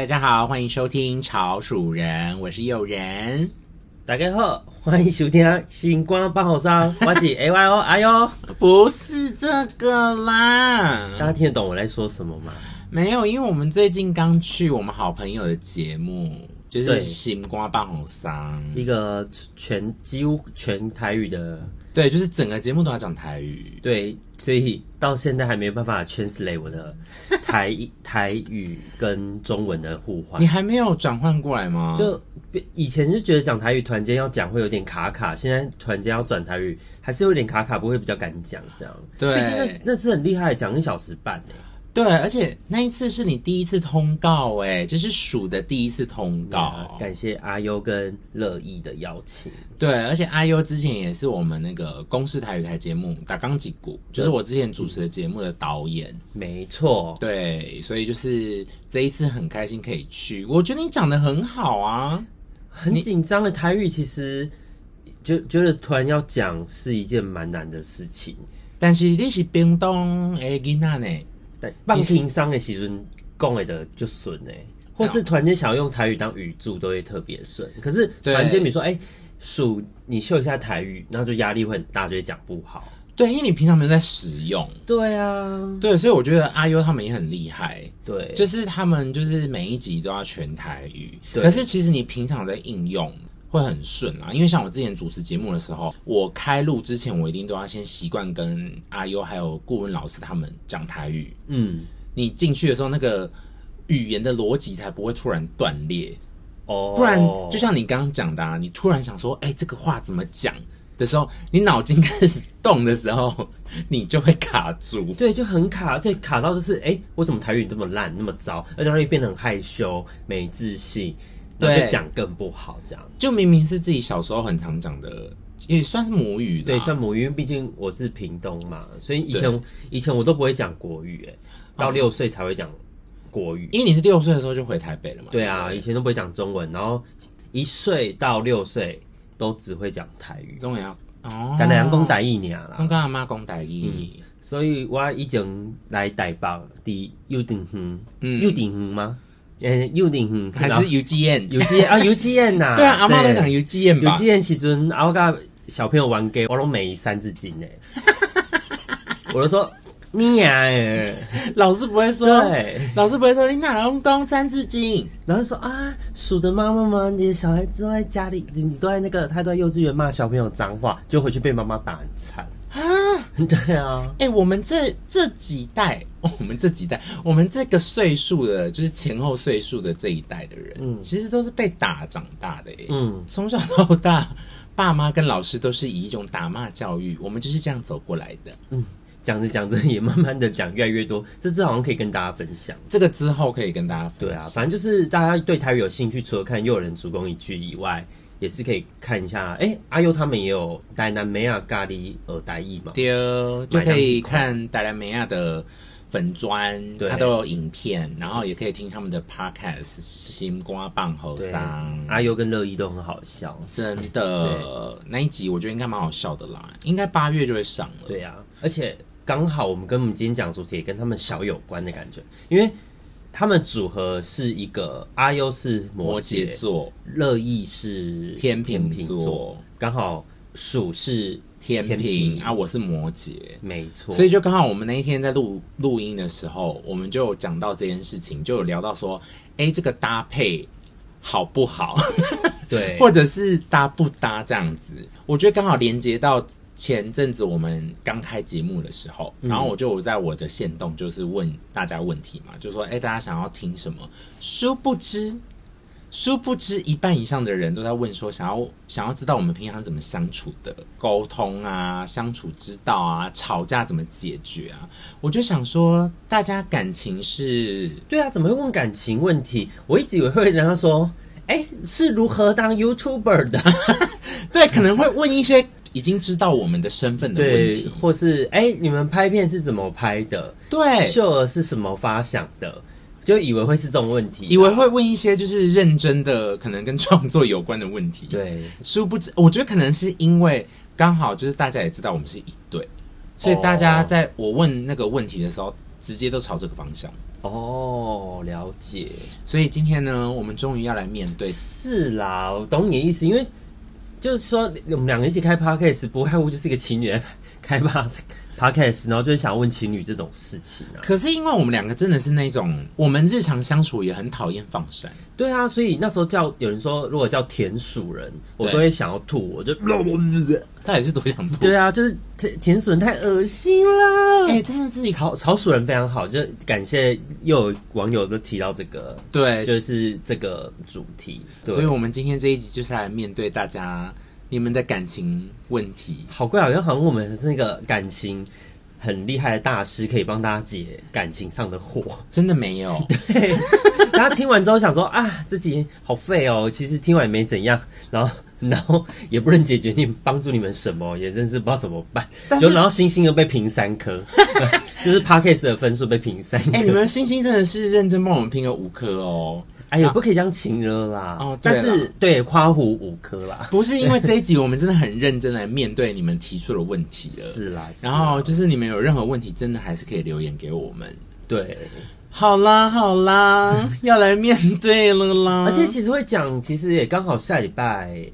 大家好，歡迎收聽《潮鼠人》，我是又仁，大家好，歡迎收聽《星光伴後生》，我是 A Y O 哎呦！ 不是這個啦。大家聽得懂我在說什麼嗎？沒有，因為我們最近剛去我們好朋友的節目，就是《星光伴後生》，一個全幾乎全台語的。對，就是整個節目都要講台語。對，所以到現在還沒有辦法 translate 我的台 台語跟中文的互換。你還沒有轉換過來嗎？就以前就覺得講台語，突然間要講會有點卡卡。現在突然間要轉台語，還是有點卡卡，不會比較敢講這樣。對，畢竟那那次很厲害，講一小時半誒、欸。對，而且那一次是你第一次通告、欸，哎，這是鼠的第一次通告、嗯啊。感謝阿優跟樂意的邀請。對，而且阿優之前也是我們那個公視台語台節目《打鋼吉鼓》，就是我之前主持的節目的導演。沒錯。對，所以就是這一次很開心可以去。我覺得你講得很好啊，很緊張的台語，其實就覺得突然要講是一件蠻難的事情。但是你是屏東的囡囡呢。對，放輕鬆的其實講的就順哎、欸，或是突然間想要用台語當語助，都會特別順。可是突然間，比如說哎、數、欸、你秀一下台語，然後就壓力會很大，就會講不好。對，因為你平常沒有在使用。對啊，對，所以我覺得阿 U 他們也很厲害。對，就是他們就是每一集都要全台語。對，可是其實你平常在應用。會很順啊，因為像我之前主持節目的時候，我開錄之前我一定都要先習慣跟阿優還有顧問老師他們講台語。嗯，你進去的時候那個語言的邏輯才不會突然斷裂。哦，不然就像你剛剛講的，啊，你突然想說，哎、欸，這個話怎麼講的時候，你腦筋開始動的時候，你就會卡住。對，就很卡，而且卡到就是，哎、欸，我怎麼台語這麼爛、那麼糟，而且它會變得很害羞、沒自信。對，就講更不好，這樣就明明是自己小時候很常講的，也算是母語的、啊。對，算母語，因為畢竟我是屏東嘛，所以以前以前我都不會講國、欸、國語，哎，到六歲才會講國語。因為你是六歲的時候就回台北了嘛？對啊，對以前都不會講中文，然後一歲到六歲都只會講台語。中文啊，哦，跟跟阿公講台語，年了，阿媽講台語，所以我已經來台北，離有點遠，嗯有點遠嗎？嗯，幼年還是幼稚園，幼稚園啊，幼稚園吶， 對啊，阿媽都想幼稚園。幼稚園時陣，我甲小朋友玩給我攏沒三字經誒， 我都說你呀、啊、誒，老師不會說對，老師不會說，你哪來用講三字經？然後說啊，鼠的媽媽嗎，你的小孩子都在家裡，你都在那個，他都在幼稚園罵小朋友髒話，就回去被媽媽打很慘。啊，對啊，哎、欸，我們這這幾代，我們這幾代，我們這個歲數的，就是前後歲數的這一代的人，嗯，其實都是被打長大的、欸，哎，嗯，從小到大，爸媽跟老師都是以一種打罵教育，我們就是這樣走過來的，嗯，講着講着也慢慢的講越來越多，這這好像可以跟大家分享，這個之後可以跟大家分享，對啊，反正就是大家對台語有興趣，除了看《又仁主攻一句》以外。也是可以看一下，哎、欸，阿優他們也有台南美亞咖喱呃台語嘛，對，就可以看台南美亞的粉專，他都有影片，然後也可以聽他們的 Podcast《西瓜棒猴商》，阿優跟樂意都很好笑，真的那一集我覺得應該蠻好笑的啦，嗯、應該八月就會上了，對啊，而且剛好我們跟我們今天講的主題也跟他們小有關的感覺，因為。他們組合是一個阿又、啊、是摩羯，摩羯座，樂意是天秤座，剛好鼠是天秤啊，我是摩羯，沒錯。所以就剛好我們那一天在錄錄音的時候，我們就講到這件事情，就有聊到說，哎、欸，這個搭配好不好？ 對，或者是搭不搭這樣子？我覺得剛好連接到。前陣子我們剛開節目的時候，然後我就我在我的限動就是問大家問題嘛，嗯、就說哎，大家想要聽什麼？殊不知，殊不知一半以上的人都在問說想要想要知道我們平常怎麼相處的，溝通啊，相處之道啊，吵架怎麼解決啊？我就想說，大家感情是？對啊，怎麼會問感情問題？我一直以為會人家說，哎，是如何當 YouTuber 的？ 對，可能會問一些。已經知道我們的身份的問題，對，或是哎，你們拍片是怎麼拍的？對，秀兒是什麼發想的？就以為會是這種問題，以為會問一些就是認真的，可能跟創作有關的問題。對，殊不知，我覺得可能是因為剛好就是大家也知道我們是一對，哦，所以大家在我問那個問題的時候，直接都朝這個方向。哦，了解。所以今天呢，我們終於要來面對。是啦，我懂你的意思，因為。就是說，我們兩個一起開 podcast 不外乎，就是一個情侶開 pas podcast 然後就是想問情侶這種事情啊。可是因為我們兩個真的是那種，我們日常相處也很討厭放閃。對啊，所以那時候叫有人說，如果叫田鼠人，我都會想要吐，我就。他也是多想吐。對啊，就是甜甜鼠人太噁心了。哎、欸，真的自己。草草鼠人非常好，就感謝又有網友都提到這個，對，就是這個主題。對，所以我們今天這一集就是來面對大家你們的感情問題。好怪，好像好像我們是那個感情很厲害的大師，可以幫大家解感情上的惑。真的沒有。對， 大家聽完之後想說啊，這集好廢哦。其實聽完也沒怎樣，然後。 然後也不能解決你們幫助你們什麼，也真是不知道怎麼辦。就然後星星又被評三顆， 就是 podcast 的分數被評三顆。哎，你們星星真的是認真幫我們評了五顆哦。哎，也不可以這樣情勒啦。哦，對但是對誇虎五顆啦，不是因為這一集我們真的很認真來面對你們提出了問題的。 是啦。然後就是你們有任何問題，真的還是可以留言給我們。對，好啦好啦， 要來面對了啦。而且其實會講，其實也剛好下禮拜。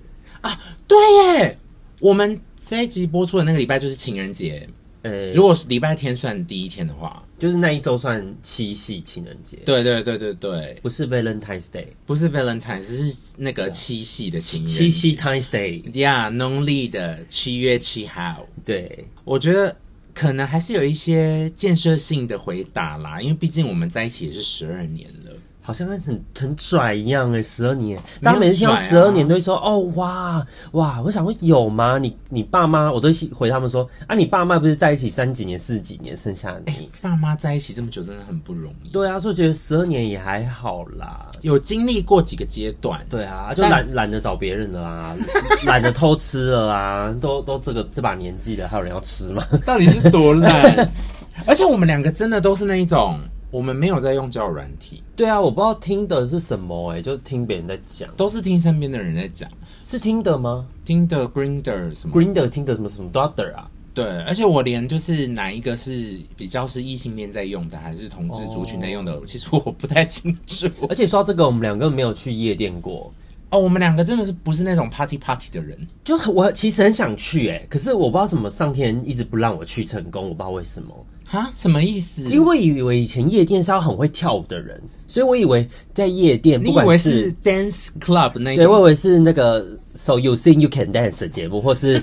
啊，對耶！我們這一集播出的那個禮拜就是情人節。呃、欸，如果是禮拜天算第一天的話，就是那一周算七夕情人節。對、嗯、對對對對，不是 Valentine's Day，不是 Valentine，是那個七夕的情人 yeah, 七夕 Time's Day，Yeah，農曆的七月七號。對，我覺得可能還是有一些建設性的回答啦，因為畢竟我們在一起也是十二年了。好像很很拽一樣哎、欸，十二年，當、啊、家每次聽十二年都會說哦哇哇，我想問有嗎？你你爸媽，我都會回他們說啊，你爸媽不是在一起三幾年四幾年，剩下你、欸、爸媽在一起這麼久，真的很不容易。對啊，所以覺得十二年也還好啦，有經歷過幾個階段。嗯、對啊，就懶、嗯、懶得找別人的啦、啊， 懶得偷吃了啊，都都這個這把年紀了，還有人要吃嗎？到底是多懶？ 而且我們兩個真的都是那一種。嗯我們沒有在用交友軟體。對啊，我不知道聽的是什麼、欸，哎，就是聽別人在講，都是聽身邊的人在講，是聽的嗎？聽的 Grinder 什麼的 Grinder 聽的什麼什麼 Doctor 啊，對，而且我連就是哪一個是比較是異性戀在用的，還是同志族群在用的，oh、其實我不太清楚。 而且說這個，我們兩個沒有去夜店過。哦、我們兩個真的是不是那種 party party 的人，就我其實很想去哎、欸，可是我不知道什麼上天一直不讓我去成功，我不知道為什麼哈，什麼意思？因為我以為以前夜店是要很會跳舞的人，所以我以為在夜店，不管是，你以為是 dance club 那種，對，我以為是那個 So You Think You Can Dance 的節目，或是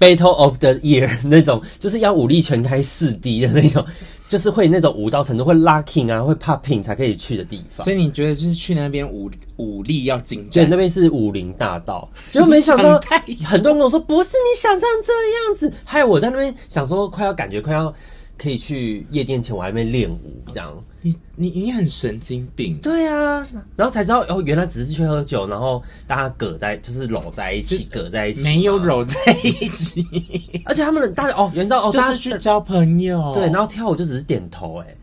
battle of the year 那種，就是要武力全開四 D 的那種。就是會那種舞蹈程度會 locking 啊，會 popping 才可以去的地方。所以你覺得就是去那邊舞武，武力要緊張？對，那邊是武林大道。就沒想到很多人跟我說，不是你想象這樣子。害我在那邊想說，快要感覺快要可以去夜店前，我還沒練舞這樣。你你你很神經病，對啊，然後才知道哦，原來只是去喝酒，然後大家隔在就是摟在一起，隔在一起，沒有摟在一起， 而且他們的大家哦，原來哦，就是去交朋友，對，然後跳舞就只是點頭、欸，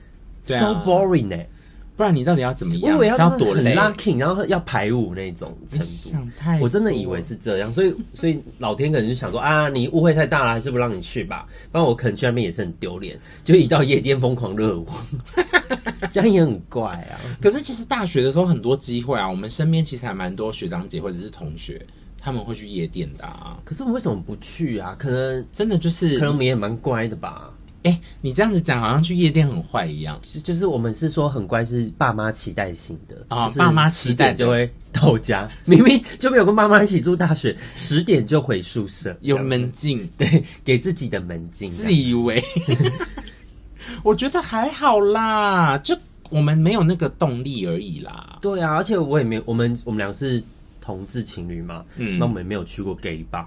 哎、啊、so boring 哎、欸。不然你到底要怎麼樣？我以為要很 lucky，然後要排舞那種程度，我真的以為是這樣，所以所以老天可能就想說啊，你誤會太大了，還是不讓你去吧。不然我可能去那邊也是很丟臉，就一到夜店瘋狂熱舞， 這樣也很怪啊。 可是其實大學的時候很多機會啊，我們身邊其實還蠻多學長姐或者是同學他們會去夜店的啊。可是我們為什麼不去啊？可能真的就是，可能我們也蠻乖的吧。哎、欸，你這樣子講，好像去夜店很壞一樣是。就是我們是說很乖，是爸媽期待型的啊。爸媽十點就會到家，明明就沒有跟媽媽一起住，大學，十點就回宿舍有對對，有門禁。對，給自己的門禁。自以為， 我覺得還好啦，就我們沒有那個動力而已啦。對啊，而且我也沒，我們我們倆是同志情侶嘛，嗯，那我們也沒有去過 gay bar。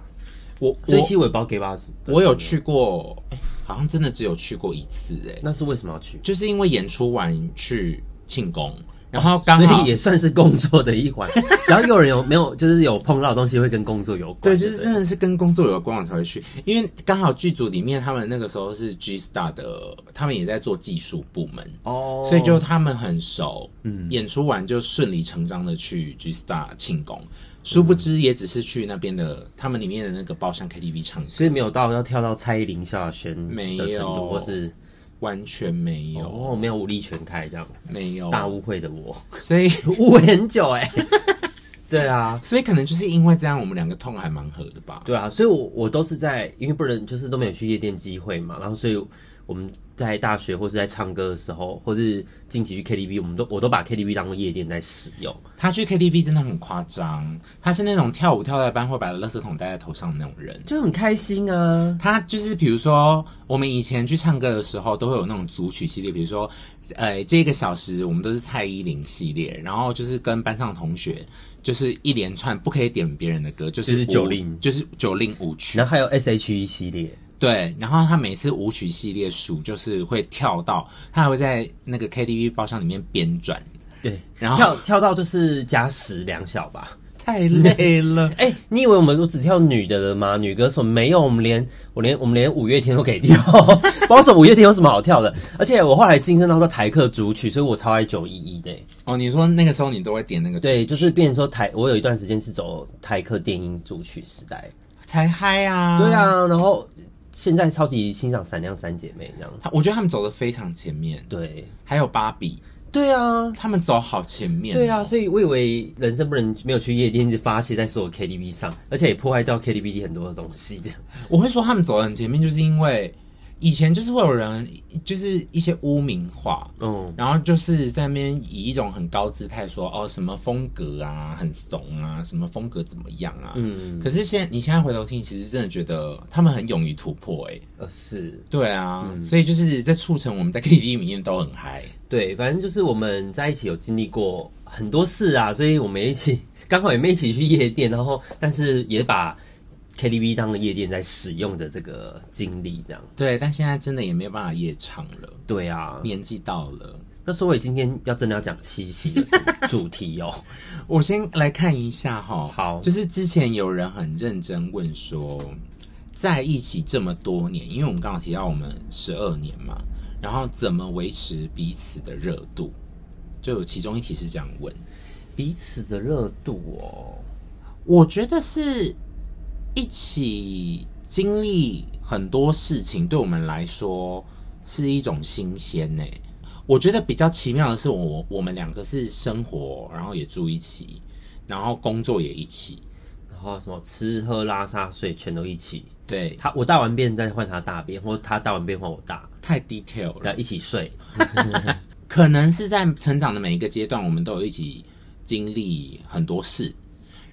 我這期我也不知道 gay bar 是我，我有去過。欸好像真的只有去過一次哎、欸，那是為什麼要去？就是因為演出完去慶功、哦，然後剛好所以也算是工作的一環。 只要有人有沒有，就是有碰到的東西會跟工作有關對。對，就是真的是跟工作有關我才會去，因為剛好劇組裡面他們那個時候是 G Star 的，他們也在做技術部門哦，所以就他們很熟，嗯，演出完就順理成章的去 G Star 慶功。殊不知，也只是去那邊的，嗯、他們裡面的那個包廂 KTV 唱，所以沒有到要跳到蔡依林、蕭亞軒的程度，或是完全沒有哦，沒有武力全開這樣，沒有大誤會的我，所以誤 會很久哎，欸， 對啊，所以可能就是因為這樣，我們兩個 tone 還蠻合的吧，對啊，所以我我都是在因為不能就是都沒有去夜店機會嘛，然後所以。我們在大學或是在唱歌的時候，或是近期去,去 KTV，我們都我都把 KTV 當做夜店在使用。他去 KTV 真的很誇張，他是那種跳舞跳在班會把垃圾桶戴在頭上的那種人，就很開心啊。他就是比如說，我們以前去唱歌的時候，都會有那種組曲系列，比如說，呃，這個小時我們都是蔡依林系列，然後就是跟班上同學就是一連串不可以點別人的歌，就是九零就是九零舞曲，然後還有 SHE 系列。對，然後他每次舞曲系列數就是會跳到，他還會在那個 K T V 包廂裡面編轉。對，然後跳跳到就是加時兩小吧，太累了。哎、 欸，你以為我們都只跳女的了嗎？女歌手沒有，我們連我連我們連五月天都可以跳。我 說五月天有什麼好跳的？而且我後來晉升到做台客組曲，所以我超愛九一一的、欸。哦，你說那個時候你都會點那個組曲？對，就是變成說台。我有一段時間是走台客電音組曲時代，才嗨啊！對啊，然後。現在超級欣賞閃亮三姐妹這樣子，我覺得他們走得非常前面，對，還有芭比，對啊，他們走好前面，喔，對啊，所以我以為人生不能沒有去夜店，就發洩在所有 KTV 上，而且也破壞到 KTV 很多的東西的。我會說他們走得很前面，就是因為。以前就是會有人，就是一些污名化，嗯，然後就是在那邊以一種很高姿態說，哦，什麼風格啊，很慫啊，什麼風格怎麼樣啊，嗯。可是現在你現在回頭聽，其實真的覺得他們很勇於突破，哎，呃，是，對啊、嗯，所以就是在促成我們在 KTV 裡面都很嗨，對，反正就是我們在一起有經歷過很多事啊，所以我們一起剛好也沒一起去夜店，然後但是也把。KTV 當個夜店在使用的這個經歷，這樣對，但現在真的也沒有辦法夜場了。對啊，年紀到了。那所以今天要真的要講七夕主題哦、喔， 我先來看一下哈、喔。好，就是之前有人很認真問說，在一起這麼多年，因為我們剛好提到我們十二年嘛，然後怎麼維持彼此的熱度？就有其中一題是這樣問，彼此的熱度哦、喔，我覺得是。一起經歷很多事情，對我們來說是一種新鮮欸。我覺得比較奇妙的是我，我我們兩個是生活，然後也住一起，然後工作也一起，然後什麼吃喝拉撒睡全都一起。對他，我大完便再換他大便，或者他大完便換我大，太 detail 了。一起睡， 可能是在成長的每一個階段，我們都有一起經歷很多事。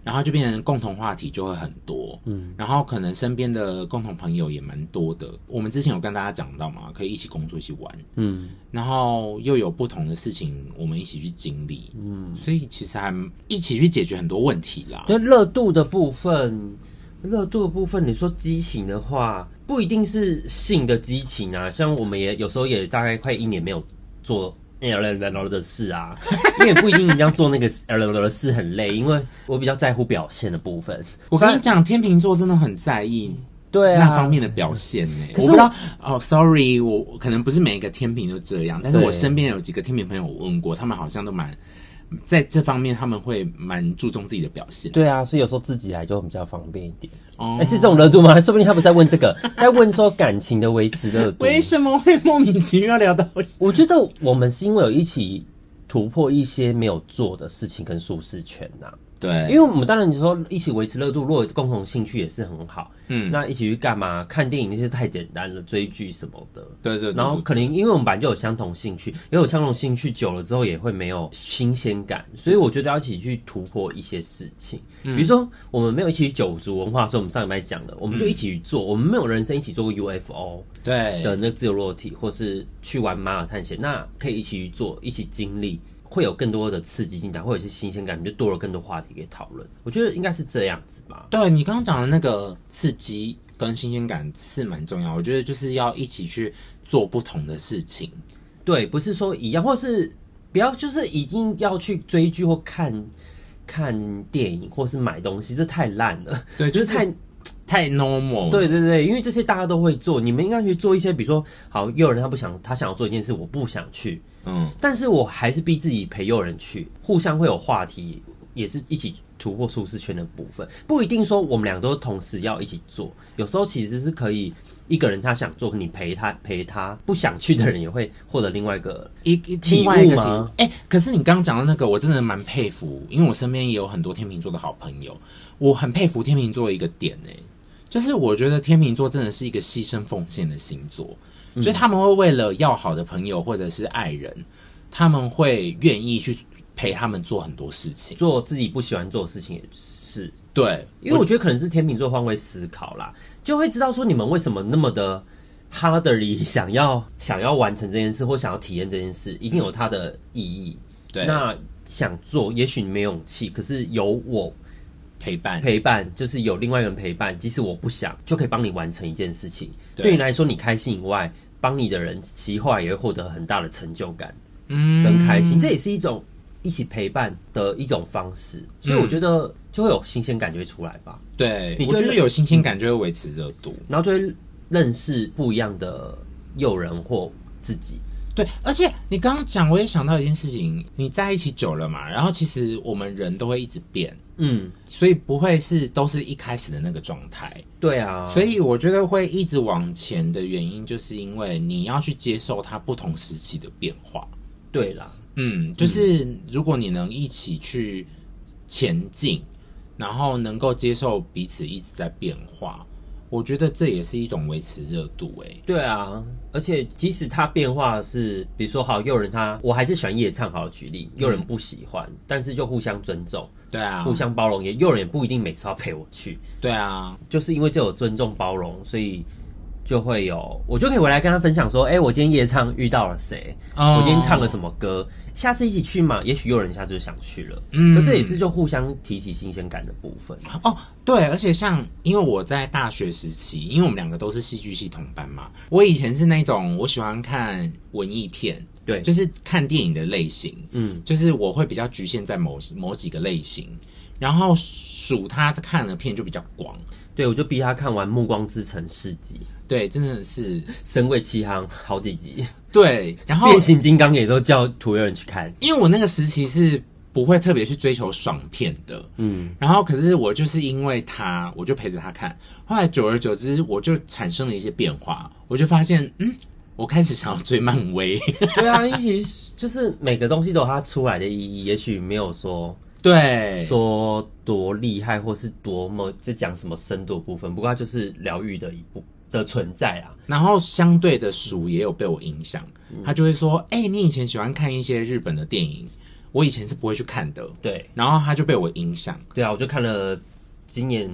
然後就變成共同話題就會很多，嗯，然後可能身邊的共同朋友也蠻多的。我們之前有跟大家講到嘛，可以一起工作、一起玩，嗯，然後又有不同的事情，我們一起去經歷，嗯，所以其實還一起去解決很多問題啦。對，熱度的部分，熱度的部分，你說激情的話，不一定是性的激情啊，像我們也有時候也大概快一年沒有做。L、欸、L 的事啊，因為不一定人家做那個 L L 的事很累， 因為我比較在乎表現的部分。我跟你講，天秤座真的很在意對、啊、那方面的表現呢、欸。我不知道哦，Sorry，我可能不是每一個天秤都這樣，但是我身邊有幾個天秤朋友，我問過，他們好像都蠻。在這方面，他們會蠻注重自己的表現的。對啊，所以有時候自己來就比較方便一點。哦、oh. 欸，是這種熱度嗎？說不定他們在問這個， 在問說感情的維持熱度。為什麼會莫名其妙要聊到我？ 我覺得我們是因為有一起突破一些沒有做的事情跟舒適圈吶。對，因為我們當然你說一起維持熱度，如果共同興趣也是很好。嗯，那一起去幹嘛？看電影那些太簡單了，追劇什麼的。對，對對。然後可能因為我們本來就有相同興趣，也有相同的興趣久了之後也會沒有新鮮感，所以我覺得要一起去突破一些事情。嗯，比如說我們沒有一起去九族文化，所以我們上一班講的，我們就一起去做。我們沒有人生一起做過 UFO，對的，那個自由落體或是去玩馬爾探險，那可以一起去做，一起經歷。會有更多的刺激、進展，或者是一些新鮮感，你就多了更多話題可以討論。我覺得應該是這樣子吧。對，你剛剛講的那個刺激跟新鮮感是蠻重要。我覺得就是要一起去做不同的事情。對，不是說一樣，或是不要，就是一定要去追劇或看看電影，或是買東西，這太爛了。對，就是， 就是太太 normal。對對對，因為這些大家都會做，你們應該去做一些，比如說，好，有人他不想，他想要做一件事，我不想去。嗯，但是我還是逼自己陪友人去，互相會有話題，也是一起突破舒適圈的部分。不一定說我們倆都同時要一起做，有時候其實是可以一個人他想做，你陪他陪他，不想去的人也會獲得另外一個體悟，另外一個體悟嗎？哎、欸，可是你剛剛講的那個，我真的蠻佩服，因為我身邊也有很多天秤座的好朋友，我很佩服天秤座的一個點呢、欸，就是我覺得天秤座真的是一個犧牲奉獻的星座。所以他們會為了要好的朋友或者是愛人，嗯，他們會願意去陪他們做很多事情，做自己不喜歡做的事情也是。對，因為我覺得可能是天秤座換位思考啦，就會知道說你們為什麼那麼的 hardly 想要想要完成這件事或想要體驗這件事，一定有它的意義。對啊，那想做，也許你沒勇氣，可是有我。陪伴、陪伴，就是有另外一個人陪伴，即使我不想，就可以幫你完成一件事情。對。對你來說，你開心以外，幫你的人其實後來也會獲得很大的成就感，嗯，跟開心，這也是一種一起陪伴的一種方式。所以我覺得就會有新鮮感就會出來吧。對，你覺得我就是有新鮮感就會維持熱度，然後就會認識不一樣的誘人或自己。對，而且你剛剛講，我也想到一件事情，你在一起久了嘛，然後其實我們人都會一直變，嗯，所以不會是都是一開始的那個狀態，對啊，所以我覺得會一直往前的原因，就是因為你要去接受它不同時期的變化，對啦，嗯，就是如果你能一起去前進，嗯、前進，然後能夠接受彼此一直在變化。我覺得這也是一種維持熱度，欸，哎，對啊，而且即使它變化是，比如說好，好有人他我還是喜歡夜唱，好的舉例，有、嗯、人不喜歡，但是就互相尊重，對啊，互相包容，也有人也不一定每次要陪我去，對啊，就是因為這有尊重包容，所以。嗯就會有，我就可以回來跟他分享說，哎、欸，我今天夜唱遇到了誰？Oh. 我今天唱了什麼歌？下次一起去嘛？也許有人下次就想去了。嗯，可這也是就互相提起新鮮感的部分哦。Oh, 對，而且像因為我在大學時期，因為我們兩個都是戲劇系同班嘛，我以前是那種我喜歡看文藝片，對，就是看電影的類型，嗯、mm.，就是我會比較侷限在某某幾個類型。然後數他看的片就比較廣，對，我就逼他看完《暮光之城》四集，對，真的是神鬼奇航好幾集，對，然後變形金剛也都叫土友人去看，因為我那個時期是不會特別去追求爽片的，嗯，然後可是我就是因為他，我就陪着他看，後來久而久之，我就產生了一些變化，我就發現，嗯，我開始想要追漫威， 對啊，一起就是每個東西都有它出來的意義，也許沒有說。對，說多厲害或是多麼在講什麼深度部分，不過它就是療癒的一部的存在啊。然後相對的鼠也有被我影響、嗯，他就會說：“哎、欸，你以前喜歡看一些日本的電影，我以前是不會去看的。”對，然後他就被我影響。對啊，我就看了今年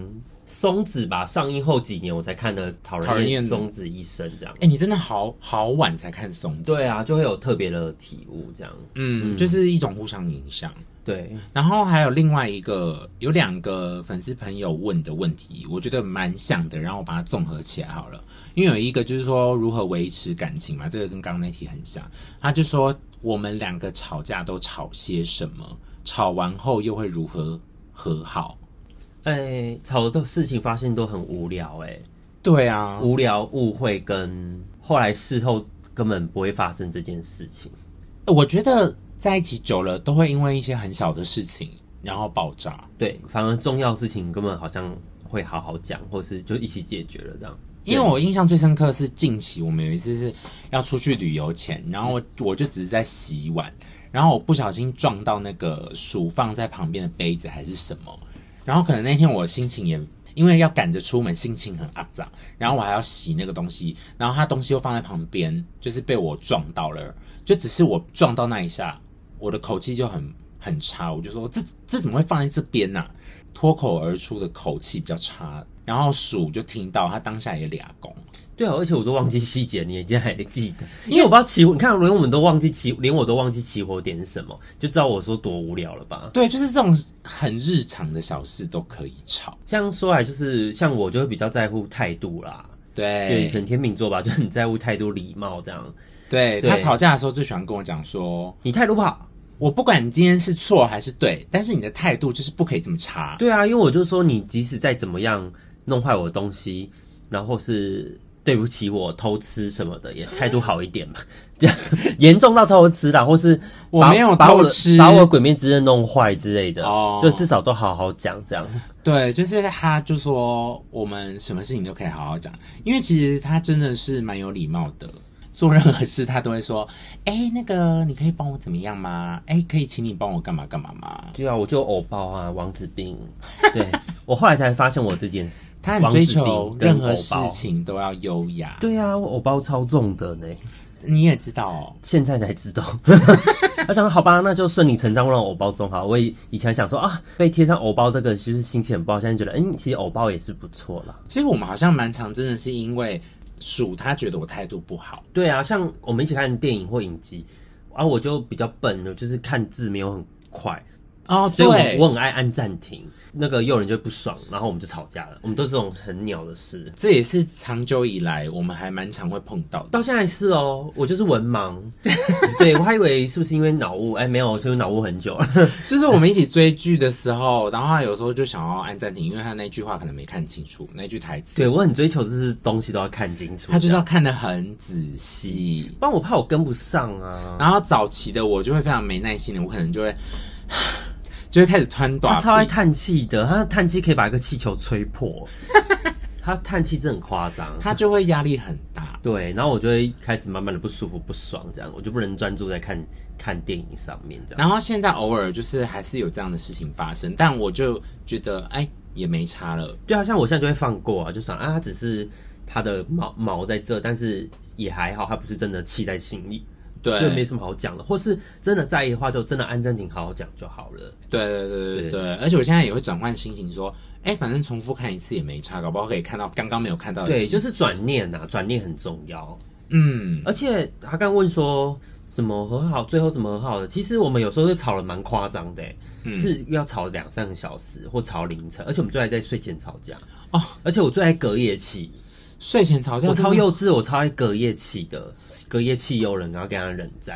松子吧，上映後幾年我才看了《討厭松子一生》這樣。哎、欸，你真的好好晚才看松子，對啊，就會有特別的體悟這樣嗯。嗯，就是一種互相影響。對，然後還有另外一個，有兩個粉絲朋友問的問題，我覺得蠻像的，然後我把它綜合起來好了。因為有一個就是說如何維持感情嘛，這個跟剛那題很像。他就說，我們兩個吵架都吵些什麼，吵完後又會如何和好？哎、欸，吵的事情發現都很無聊、欸，哎，對啊，無聊、誤會跟後來事後根本不會發生這件事情，我覺得。在一起久了，都會因為一些很小的事情，然後爆炸。對，反而重要事情根本好像會好好講，或是就一起解決了這樣。因為我印象最深刻的是近期我們有一次是要出去旅遊前，然後我我就只是在洗碗，然後我不小心撞到那個鼠放在旁邊的杯子還是什麼，然後可能那天我心情也因為要趕着出門，心情很阿雜，然後我還要洗那個東西，然後他東西又放在旁邊，就是被我撞到了，就只是我撞到那一下，我的口氣就很很差，我就說這這怎麼會放在這邊啊？脫口而出的口氣比較差，然後鼠就聽到，他當下也倆攻，對啊，而且我都忘記細節，你竟然還記得，因為我不知道起火。你 看連我們都忘記起，連我都忘記起火點是什麼，就知道我說多無聊了吧？對，就是這種很日常的小事都可以吵。這樣說來，就是像我就會比較在乎態度啦，對，對，可能天秤座吧，就很在乎態度、禮貌這樣。對，對他吵架的時候，最喜歡跟我講說你態度不好。我不管你今天是錯還是對，但是你的態度就是不可以這麼差。對啊，因為我就說，你即使再怎麼樣弄壞我的東西，然後是對不起我偷吃什麼的，也態度好一點嘛。這 樣嚴重到偷吃了，或是我沒有偷吃，把我，把我鬼滅之刃弄壞之類的，oh, 就至少都好好講這樣。對，就是他就說我們什麼事情都可以好好講，因為其實他真的是蠻有禮貌的。做任何事，他都會說：“哎、欸，那個，你可以幫我怎麼樣嗎？哎、欸，可以請你幫我幹嘛幹嘛嗎？”對啊，我就偶包啊，王子病 對，我後來才發現我這件事，他很追求任何事情都要優雅。對啊，我偶包超重的呢，你也知道，哦，現在才知道。 我想說，好吧，那就順理成章，讓我讓偶包重好了。我以，以前想說啊，被貼上偶包這個，其、就、實、是、心情很不好。現在覺得，哎、欸，其實偶包也是不錯啦。所以我們好像蠻常，真的是因為。鼠他覺得我態度不好，對啊，像我們一起看電影或影集，啊，我就比較笨，就是看字沒有很快，哦、oh，對。所以我很愛按暫停。那個又仁就會不爽，然後我們就吵架了。我們都是這種很鳥的事，這也是長久以來我們還蠻常會碰到的。到現在是哦，我就是文盲， 對，我還以為是不是因為腦霧？哎，沒有，是因為腦霧很久了。就是我們一起追劇的時候， 然後他有時候就想要按暫停，因為他那句話可能沒看清楚那句台詞。對，我很追求，就是東西都要看清楚，他就是要看得很仔細。不然我怕我跟不上啊。然後早期的我就會非常沒耐心的，我可能就會。就會開始穿短。他超愛嘆氣的，他嘆氣可以把一個氣球吹破。 他嘆氣真的很誇張，他就會壓力很大。 對，然後我就會開始慢慢的不舒服、不爽，這樣我就不能專注在看看電影上面這樣。然後現在偶爾就是還是有這樣的事情發生，但我就覺得哎、欸、也沒差了。對啊，像我現在就會放過啊，就算啊，他只是他的毛毛在這，但是也還好，他不是真的氣在心裡。對，就沒什麼好講的，或是真的在意的話，就真的按暫停，好好講就好了。對對對對對，對，對，對。而且我現在也會轉換心情，說，哎、欸，反正重複看一次也沒差，搞不好可以看到剛剛沒有看到的。對，就是轉念吶、啊，轉、嗯、念很重要。嗯。而且他剛問說什麼和好，最後怎麼和好的？其實我們有時候是吵得蠻誇張的、欸、嗯，是要吵兩三個小時，或吵凌晨，而且我們最愛在睡前吵架哦，而且我最愛隔夜氣。睡前吵架，我超幼稚，我超愛隔夜氣的，隔夜氣又仁，然後跟他冷戰。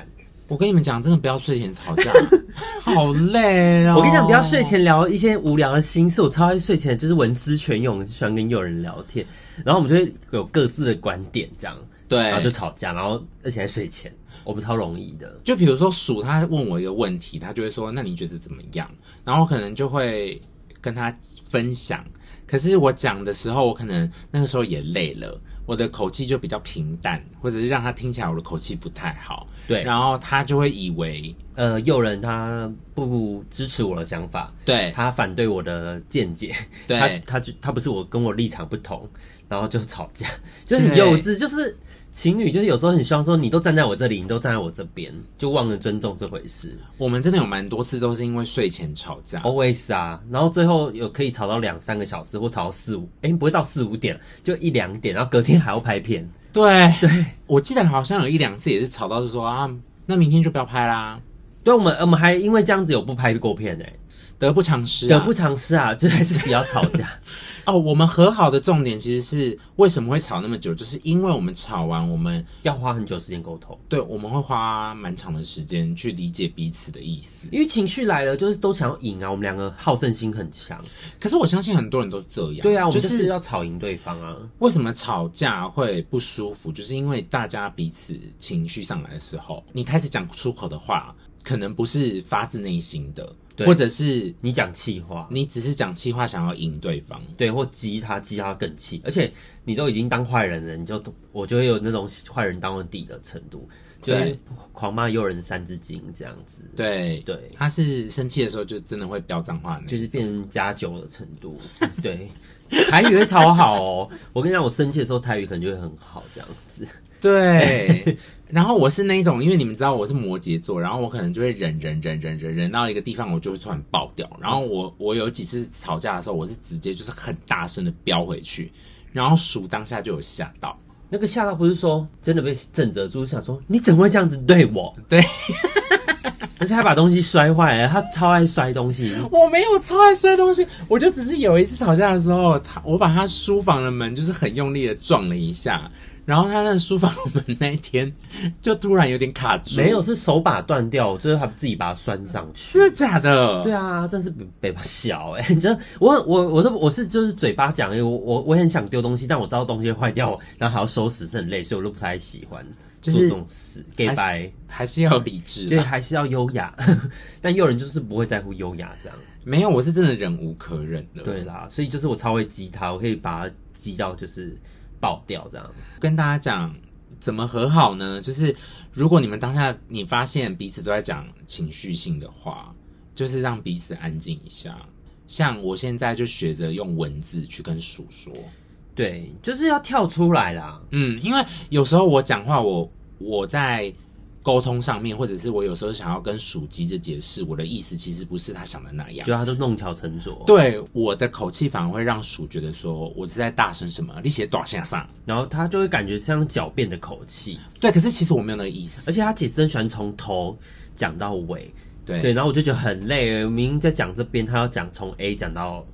我跟你們講，真的不要睡前吵架， 好累哦。我跟你講，不要睡前聊一些無聊的心事。我超愛睡前就是文思泉湧，喜歡跟又仁聊天，然後我們就會有各自的觀點，這樣對，然後就吵架，然後而且還睡前，我們超容易的。就比如說鼠，他問我一個問題，他就會說：“那你覺得怎麼樣？”然後我可能就會跟他分享。可是我講的時候，我可能那個時候也累了，我的口氣就比較平淡，或者是讓他聽起來我的口氣不太好。對，然後他就會以為，呃，有人他不支持我的想法，對，他反對我的見解，對他他就他不是我跟我立場不同，然後就吵架，就是幼稚，就是。情侶就是有時候很希望說，你都站在我這裡，你都站在我這邊，就忘了尊重這回事。我們真的有蠻多次都是因為睡前吵架，always 啊，然後最後有可以吵到兩三個小時，或吵到四五，欸，不會到四五點，就一兩點，然後隔天還要拍片。 對對，我記得好像有一兩次也是吵到，是說啊，那明天就不要拍啦。對，我們我們還因為這樣子有不拍過片欸。得不償失，啊，得不償失啊！這還是不要吵架哦。 oh, 我們和好的重點其實是為什麼會吵那麼久，就是因為我們吵完，我們要花很久時間溝通。對，我們會花蠻長的時間去理解彼此的意思，因為情緒來了，就是都想要贏啊。我們兩個好勝心很強，可是我相信很多人都是這樣。對啊，就是要吵贏對方啊。為什麼吵架會不舒服？就是因為大家彼此情緒上來的時候，你開始講出口的話，可能不是發自內心的。或者是你講氣話，你只是講氣話，想要贏對方，對，或激他，激他更氣，而且你都已經當壞人了，你就我就會有那種壞人當到底的程度，對，就狂罵又仁三字經這樣子，對對、對，他是生氣的時候就真的會飆髒話，就是變成加酒的程度，對， 台語會超好哦，我跟你講，我生氣的時候台語可能就會很好這樣子。對， 然後我是那一種，因為你們知道我是摩羯座，然後我可能就會忍忍忍忍忍忍到一個地方，我就會突然爆掉。然後我我有幾次吵架的時候，我是直接就是很大聲的飆回去，然後鼠當下就有嚇到。那個嚇到不是說真的被震懾住，是想說你怎麼會這樣子對我？對， 而且他把東西摔壞了，他超愛摔東西。我沒有超愛摔東西，我就只是有一次吵架的時候，他我把他書房的門就是很用力的撞了一下。然後他在書房門那一天，就突然有點卡住。沒有，是手把斷掉，就是他自己把它拴上去。真的假的？對啊，真是北方小哎、欸。這我我我都我是就是嘴巴講，我我我很想丟東西，但我知道東西會壞掉，然後還要收拾，是很累，所以我都不太喜歡做，、就是、做這種事。給白還是要理智、嗯，對，還是要優雅。 但又有人就是不會在乎優雅這樣。沒有，我是真的忍無可忍了。對啦，所以就是我超會激他，我可以把他激到就是。爆掉這樣，跟大家講怎麼和好呢？就是如果你們當下你發現彼此都在講情緒性的話，就是讓彼此安靜一下。像我現在就學着用文字去跟鼠說，對，就是要跳出來啦。嗯，因為有時候我講話我，我我在。溝通上面，或者是我有時候想要跟鼠急著解釋，我的意思其實不是他想的那樣，就他都弄巧成拙。對，我的口氣反而會讓鼠覺得說我是在大聲什麼，你是在大聲三小，然後他就會感覺像狡辯的口氣。對，可是其實我沒有那個意思，而且他解釋喜歡從頭講到尾，對對，然後我就覺得很累，明明在講這邊，他要講從 A 講到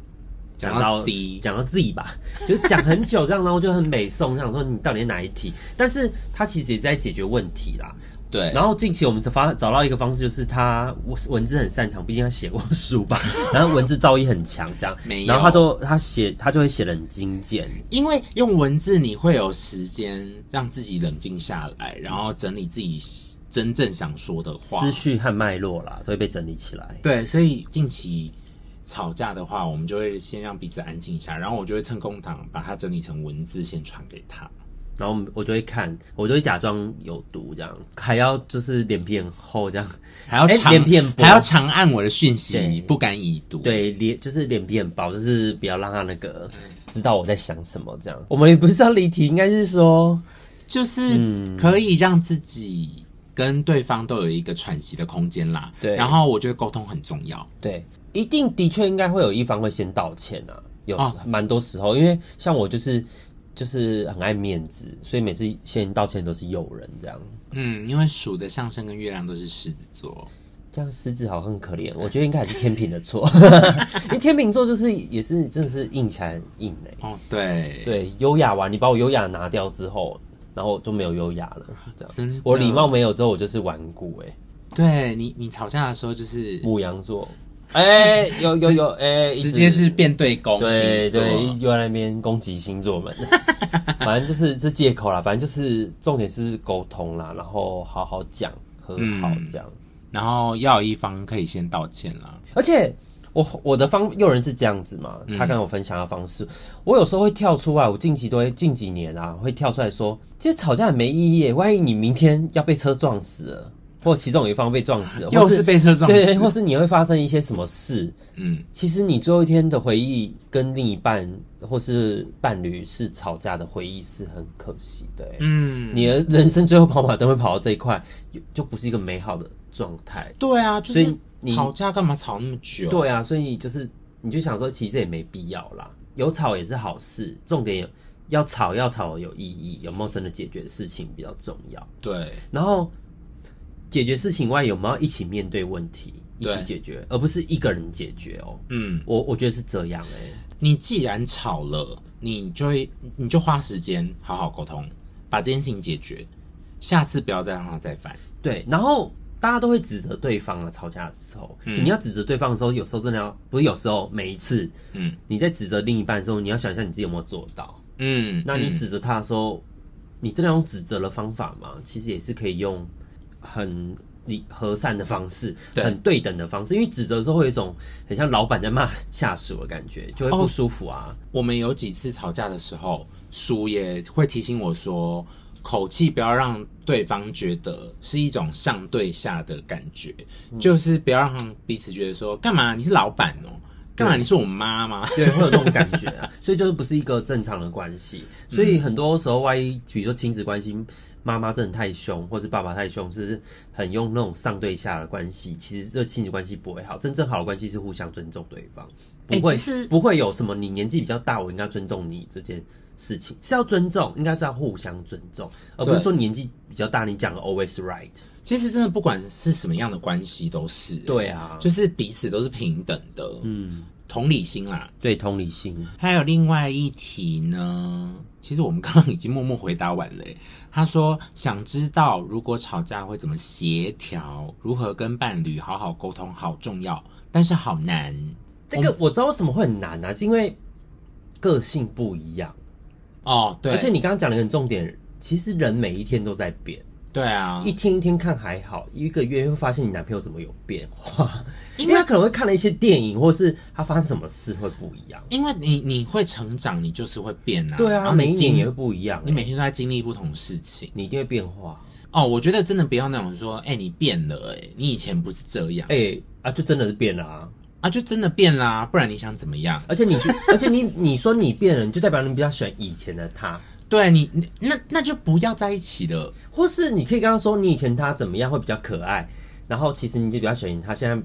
講到，講到 C，講到 Z 吧，就是講很久這樣，然後就很美頌， 想說你到底在哪一題？但是他其實也在解決問題啦。對，然後近期我們發找到一個方式，就是他文文字很擅長，畢竟他寫過書吧， 然後文字造詣很強，這樣。然後他都，他寫，他就會寫得很精簡，因為用文字你會有時間讓自己冷靜下來，然後整理自己真正想說的話，思緒和脈絡啦，都會被整理起來。對，所以近期吵架的話，我們就會先讓彼此安靜一下，然後我就會趁空檔把它整理成文字，先傳給他。然後我就會看，我就會假裝有毒，這樣還要就是臉皮很厚，這樣還要長、欸、臉皮薄還要長按我的訊息，不敢已讀。對，臉就是臉皮很薄，就是不要讓他那個知道我在想什麼這樣。我們也不知道離題，應該是說，就是可以讓自己跟對方都有一個喘息的空間啦。對、嗯，然後我覺得溝通很重要。對，一定的確應該會有一方會先道歉啊，有、哦、蠻多時候，因為像我就是。就是很愛面子，所以每次先道歉都是又仁這樣。嗯，因為鼠的上升跟月亮都是獅子座，這樣獅子好像很可憐。我覺得應該還是天秤的錯，因 為 天秤座就是也是真的是硬起來很硬嘞，欸、哦、對、嗯、對，優雅完，你把我優雅拿掉之後，然後就沒有優雅了，這樣。我禮貌沒有之後，我就是頑固哎、欸。對你，你吵架的時候就是牡羊座。哎、欸，有有有，哎、欸，直接是變對攻，對是是對，對，又在那邊攻擊星座們， 反正就是這借口啦，反正就是重點是溝通啦，然後好好講，很好講，嗯，然後要有一方可以先道歉啦。而且我我的方又仁是這樣子嘛，他跟我分享的方式，嗯，我有時候會跳出來，我近期都會近幾年啊，會跳出來說，其實吵架很沒意義，萬一你明天要被車撞死了。或其中一方被撞死或是，又是被車撞死，對，或是你會發生一些什麼事？嗯，其實你最後一天的回憶跟另一半或是伴侶是吵架的回憶是很可惜的欸。嗯，你的人生最後跑馬燈會跑到這一塊，就不是一個美好的狀態。對啊，所以你吵架幹嘛吵那麼久？對啊，所以就是你就想說，其實也沒必要啦，有吵也是好事。重點要吵要吵有意義，有沒有真的解決的事情比較重要。對，然後。解決事情外有沒有一起面對問題，一起解決，而不是一個人解決哦。嗯，我我覺得是這樣哎、欸。你既然吵了，你就會你就花時間好好溝通，把這件事情解決，下次不要再讓他再犯。對，然後大家都會指責對方啊，吵架的時候，你要指責對方的時候，有時候真的要，不是有時候，每一次，嗯，你在指責另一半的時候，你要想一下你自己有沒有做到。嗯，那你指責他的時候，嗯、你真的用指責的方法嗎，其實也是可以用。很你和善的方式對，很對等的方式，因為指責的時候，會有一種很像老闆在罵下屬的感覺，就會不舒服啊。Oh, 我們有幾次吵架的時候，叔也會提醒我說，口氣不要讓對方覺得是一種上對下的感覺，嗯，就是不要讓彼此覺得說，幹嘛你是老闆哦，幹嘛、嗯、你是我媽媽，對，會有這種感覺啊。 所以就是不是一個正常的關係。所以很多時候，萬一比如說親子關係。媽媽真的太凶，或是爸爸太凶，不、就是很用那種上對下的關係。其實這親子關係不會好，真正好的關係是互相尊重對方，不會、欸、不會有什麼你年紀比較大，我應該尊重你這件事情，是要尊重，應該是要互相尊重，而不是說你年紀比較大，你講的 always right。其實真的不管是什麼樣的關係都是對啊，就是彼此都是平等的，嗯。同理心啦、啊，對同理心。還有另外一題呢，其實我們剛剛已經默默回答完了、欸。他說，想知道如果吵架會怎麼協調，如何跟伴侶好好溝通，好重要，但是好難。這個我知道為什麼會很難啊，是因為個性不一樣哦。對，而且你剛剛講的一個重點，其實人每一天都在變。對啊，一天一天看還好，一個月又發現你男朋友怎麼有變化？因為、欸、他可能會看了一些電影，或是他發生什麼事會不一樣。因為你你會成長，你就是會變啊。對啊，然後你每件也會不一樣，你每天都在經歷不同事情，你一定會變化。哦，我覺得真的不要那種說，哎、欸，你變了、欸，哎，你以前不是這樣，哎、欸，啊，就真的是變了啊，啊，就真的變啦、啊，不然你想怎麼樣？而且你就，而且你，你說你變了，你就代表你比較喜歡以前的他。對你，那那就不要在一起了。或是你可以跟他說，你以前他怎麼樣會比較可愛，然後其實你就比較喜歡他。現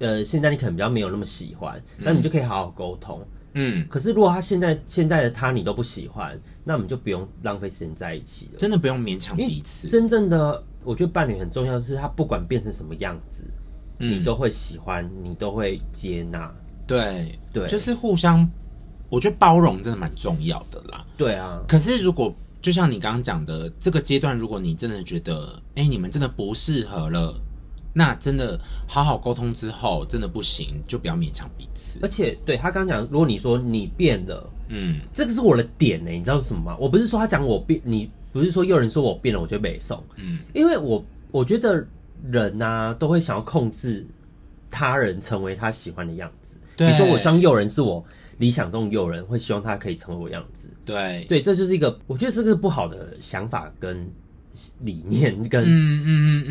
在，呃，現在你可能比較沒有那麼喜歡，那你就可以好好溝通。嗯，嗯，可是如果他現在現在的他你都不喜歡，那我們就不用浪費時間在一起了。真的不用勉強彼此。真正的我覺得伴侶很重要的是他不管變成什麼樣子、嗯，你都會喜歡，你都會接納。對對，就是互相。我覺得包容真的蠻重要的啦。對啊。可是如果就像你剛剛講的，這個階段如果你真的覺得，欸，你們真的不適合了，那真的好好溝通之後，真的不行，就不要勉強彼此。而且對他剛剛講，如果你說你變了，嗯，這個是我的點欸？你知道是什麼嗎？我不是說他講我變，你不是說又仁說我變了，我覺得沒送。嗯，因為我我覺得人吶都會想要控制他人成為他喜歡的樣子。對。你說我像又仁是我。是理想中有人會希望他可以成為我樣子，對對，這就是一個我覺得這是個不好的想法跟理念跟嗯嗯嗯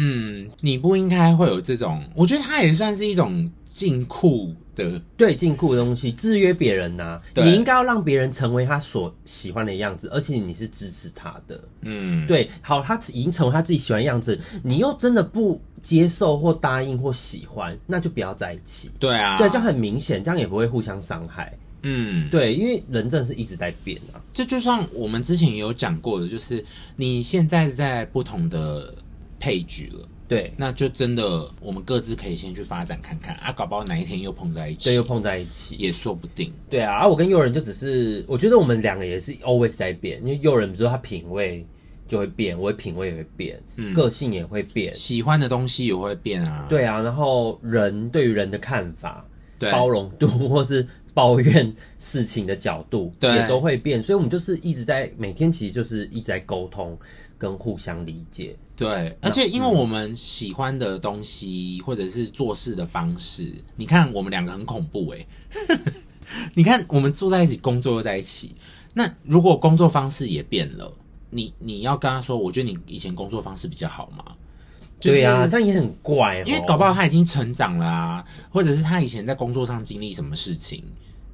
嗯，你不應該會有這種，我覺得他也算是一種禁錮的，對禁錮的東西，制約別人吶、啊。你應該要讓別人成為他所喜歡的樣子，而且你是支持他的，嗯，對，好，他已經成為他自己喜歡的樣子，你又真的不接受或答應或喜歡，那就不要在一起，對啊，對，就很明顯，這樣也不會互相傷害。嗯，對，因為人真是一直在變的、啊。這就像我們之前也有講過的，就是你現在在不同的配局了，對，那就真的我們各自可以先去發展看看啊，搞不好哪一天又碰在一起，對，又碰在一起也說不定。對啊，而、啊、我跟又仁就只是，我覺得我們兩個也是 always 在變，因為又仁比如說他品味就會變，我的品味也會變，嗯，個性也會變，喜歡的東西也會變啊。對啊，然後人對於人的看法，對，包容度或是。抱怨事情的角度對，也都會變，所以我們就是一直在每天，其實就是一直在溝通跟互相理解。對，而且因為我們喜歡的東西、嗯、或者是做事的方式，你看我們兩個很恐怖誒、欸。 你看我們住在一起，工作又在一起，那如果工作方式也變了，你你要跟他說，我覺得你以前工作方式比較好嘛。就是、對啊，這樣也很怪，因為搞不好他已經成長了，啊，或者是他以前在工作上經歷什麼事情，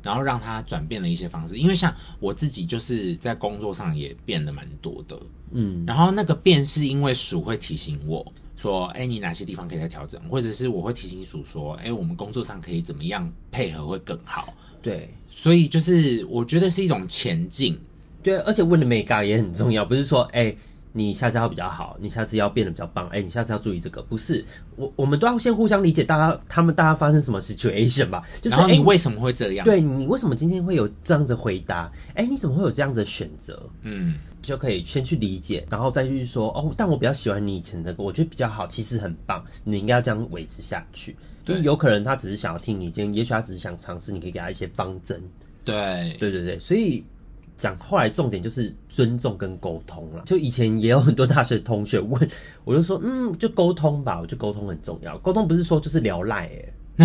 然後讓他轉變了一些方式。因為像我自己，就是在工作上也變了蠻多的，嗯。然後那個變是因為鼠會提醒我說：“哎、欸，你哪些地方可以再調整？”或者是我會提醒鼠說：“哎、欸，我們工作上可以怎麼樣配合會更好？”對，所以就是我覺得是一種前進。對，而且問的每個也很重要，嗯、不是說哎。欸你下次要比較好，你下次要變得比較棒。哎、欸，你下次要注意這個，不是我，我們都要先互相理解，大家他們大家發生什麼 situation 吧？就是然後，你為什麼會這樣？欸、對，你為什麼今天會有這樣子回答？哎、欸，你怎麼會有這樣子的選擇？嗯，就可以先去理解，然後再去說哦。但我比較喜歡你以前的，我覺得比較好，其實很棒，你應該要這樣維持下去。對，有可能他只是想要聽你今天，也許他只是想嘗試，你可以給他一些方針。對，對對對，所以。講後來重點就是尊重跟溝通了。就以前也有很多大學同學問，我就說，嗯，就溝通吧，我覺得溝通很重要。溝通不是說就是聊賴，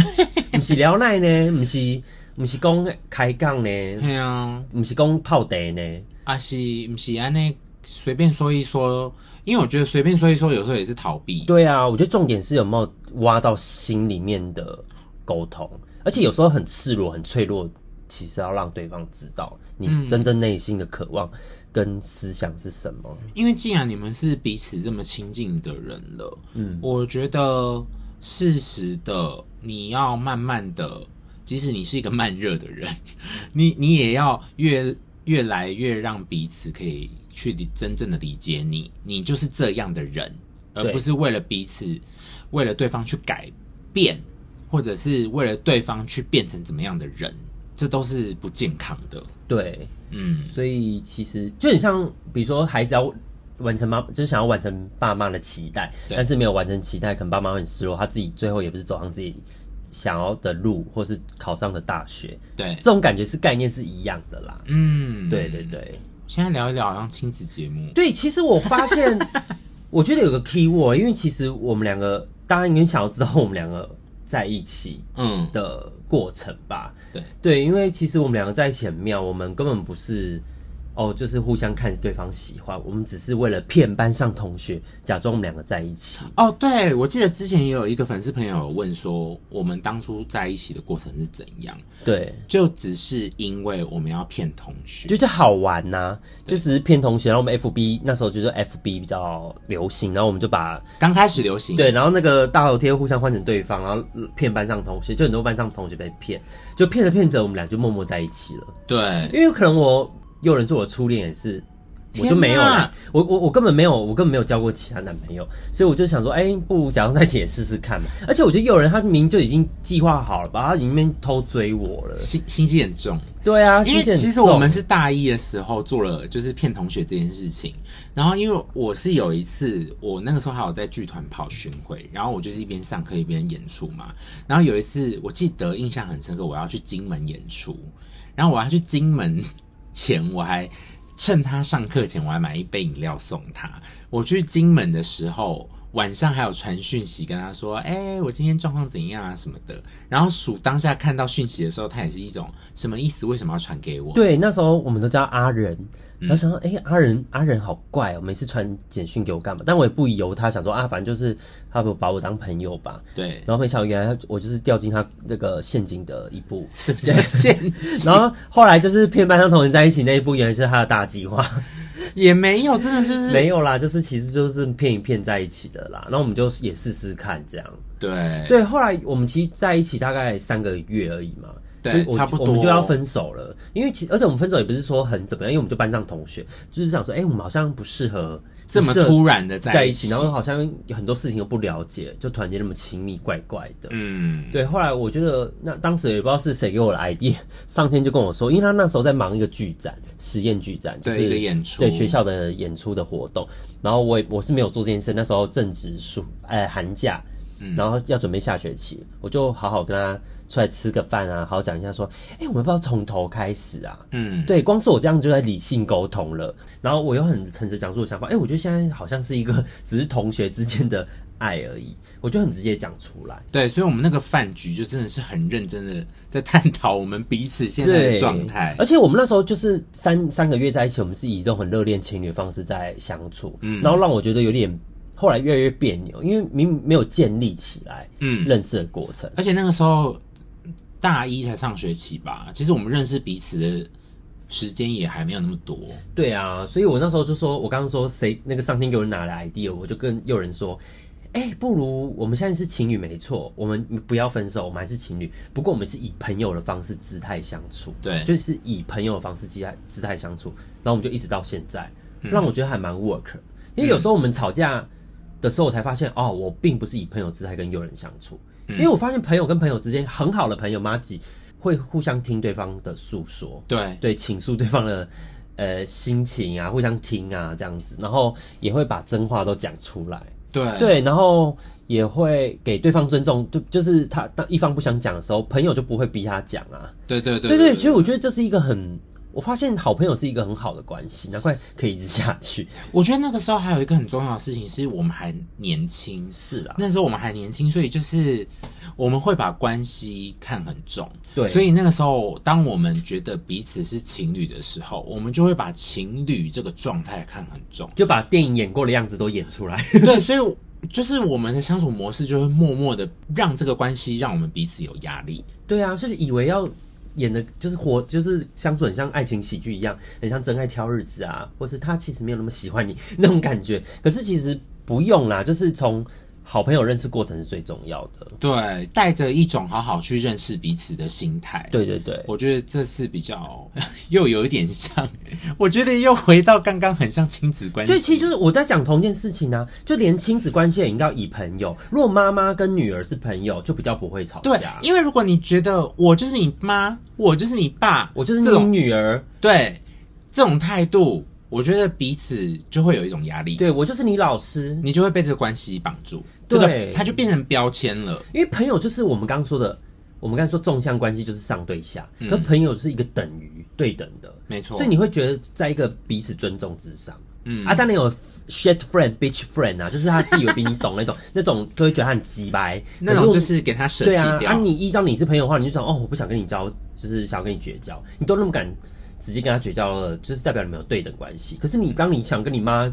不是聊賴呢，不是不是公開槓呢，對啊，不是講泡茶呢，啊是不是啊那隨便說一說，因為我覺得隨便說一說有時候也是逃避。對啊，我覺得重點是有沒有挖到心裡面的溝通，而且有時候很赤裸、很脆弱，其實要讓對方知道。你真正內心的渴望跟思想是什麼？嗯，因為既然你們是彼此這麼親近的人了，嗯，我覺得適時的你要慢慢的，即使你是一個慢熱的人，你你也要越越來越讓彼此可以去真正的理解你，你就是這樣的人，而不是為了彼此，為了對方去改變，或者是為了對方去變成怎麼樣的人。這都是不健康的，對，嗯，所以其實就很像，比如說孩子要完成媽，就是想要完成爸媽的期待，但是沒有完成期待，可能爸媽很失落，他自己最後也不是走上自己想要的路，或是考上的大學，對，這種感覺是概念是一樣的啦，嗯，對對對，現在聊一聊像親子節目，對，其實我發現， 我覺得有個 keyword，因為其實我們兩個，當然想要知道我們兩個。在一起，嗯，的過程吧，嗯。對對，因為其實我們兩個在一起很妙，我們根本不是。哦，就是互相看對方喜歡，我們只是為了騙班上同學，假裝我們兩個在一起。哦，對，我記得之前也有一個粉絲朋友問說，我們當初在一起的過程是怎樣？對，就只是因為我們要騙同學，就就好玩吶，就只是騙同學。然後我們 FB 那時候就是 FB 比較流行，然後我們就把剛開始流行，對，然後那個大頭貼互相換成對方，然後騙班上同學，就很多班上同學被騙，就騙着騙着，我們倆就默默在一起了。對，因為可能我。又仁是我的初戀，也是我就沒有啦，我我我根本沒有，我根本沒有交過其他男朋友，所以我就想說，哎、欸，不如假裝在一起也試試看嘛。而且我覺得又仁他明明就已經計劃好了吧，把他裡面偷追我了，心心機很重。對啊，因為心機很重，因為其實我們是大一的時候做了，就是騙同學這件事情。然後因為我是有一次，我那個時候還有在劇團跑巡迴，然後我就是一邊上課一邊演出嘛。然後有一次我記得印象很深刻，我要去金門演出，然後我要去金門。前我還趁他上課前，我還買一杯飲料送他，我去金門的時候。晚上還有傳訊息跟他說，哎、欸，我今天狀況怎樣啊什麼的。然後鼠當下看到訊息的時候，他也是一種什麼意思？為什麼要傳給我？對，那時候我們都叫阿仁，然後想說哎、嗯欸，阿仁阿仁好怪哦、喔，每次傳簡訊給我幹嘛？但我也不由他想說，啊，反正就是他不把我當朋友吧？對。然後沒想到，原來我就是掉進他那個陷阱的一步，陷阱，是不是這樣？ 然後後來就是騙班上同學在一起那一步，原來是他的大計劃。也沒有，真的就是 沒有啦，就是其實就是騙一騙在一起的啦。然後我們就也試試看這樣。對對，後來我們其實在一起大概三個月而已嘛，對就差不多，我們就要分手了。因為其而且我們分手也不是說很怎麼樣，因為我們就班上同學，就是想說，哎、欸，我們好像不適合。這麼突然的在一起，一起然後好像有很多事情又不了解，就團結那麼親密，怪怪的。嗯，對。後來我覺得，那當時也不知道是誰給我的 idea 上天就跟我說，因為他那時候在忙一個劇展，實驗劇展，就是一個演出，對學校的演出的活動。然後我我是沒有做這件事，那時候正值暑，呃，寒假。嗯、然後要準備下學期，我就好好跟他出來吃個飯啊，好好講一下說，哎、欸，我們不要從頭開始啊。嗯，對，光是我這樣就在理性溝通了。然後我又很誠實講出我的想法，哎、欸，我覺得現在好像是一個只是同學之間的愛而已、嗯，我就很直接講出來。對，所以我們那個飯局就真的是很認真的在探討我們彼此現在的狀態。對，而且我們那時候就是三三個月在一起，我們是以一種很熱戀情侶的方式在相處，嗯，然後讓我覺得有點。後來越來越彆扭，因為明沒有建立起來，嗯，認識的過程、嗯。而且那個時候大一才上學期吧，其實我們認識彼此的時間也還沒有那麼多。對啊，所以我那時候就說，我剛剛說誰那個上天給我拿了 idea，我就跟又仁說，哎、欸，不如我們現在是情侶沒錯，我們不要分手，我們還是情侶。不過我們是以朋友的方式姿態相處，對，就是以朋友的方式姿態姿態相處。然後我們就一直到現在，讓我覺得還蠻 work、嗯。因為有時候我們吵架。的時候，我才發現哦，我並不是以朋友姿態跟友人相處。嗯，因為我發現朋友跟朋友之間很好的朋友嘛，只會互相聽對方的訴說，對對，傾訴對方的呃心情啊，互相聽啊這樣子，然後也會把真話都講出來，對對，然後也會給對方尊重，就是他當一方不想講的時候，朋友就不會逼他講啊，對對對對對對，對對對對對，其實我覺得這是一個很。我發現好朋友是一個很好的關係，難怪可以一直下去。我覺得那個時候還有一個很重要的事情是，我們還年輕，是啊。那時候我們還年輕，所以就是我們會把關係看很重。對，所以那個時候，當我們覺得彼此是情侶的時候，我們就會把情侶這個狀態看很重，就把電影演過的樣子都演出來。 對，所以就是我們的相處模式，就會默默的讓這個關係讓我們彼此有壓力。對啊，就是以為要。演的就是活，就是相處很像愛情喜劇一樣，很像真愛挑日子啊，或是他其實沒有那麼喜歡你那種感覺。可是其實不用啦，就是從。好朋友認識過程是最重要的，對，帶着一種好好去認識彼此的心態，對對對，我覺得這是比較又有一點像， 我覺得又回到剛剛很像親子關係，所以其實就是我在講同一件事情啊，就連親子關係也應該以朋友。如果媽媽跟女兒是朋友，就比較不會吵架，對，因為如果你覺得我就是你媽，我就是你爸，我就是你女兒，對這種態度。我覺得彼此就會有一種壓力。對，我就是你老師，你就會被這個關係綁住。對、這個，他就變成標籤了。因為朋友就是我們剛剛說的，我們剛才說縱向關係就是上對下，嗯、可朋友是一個等於對等的，沒錯。所以你會覺得在一個彼此尊重之上，嗯，啊，當然有 shit friend、bitch friend 啊，就是他自己有比你懂那種， 那種都會覺得他很雞掰，那種就是給他捨棄掉。啊，啊你依照你是朋友的話，你就想哦，我不想跟你交，就是想要跟你絕交，你都那麼敢。直接跟他絕交了，就是代表你們有對等關係。可是你當你想跟你媽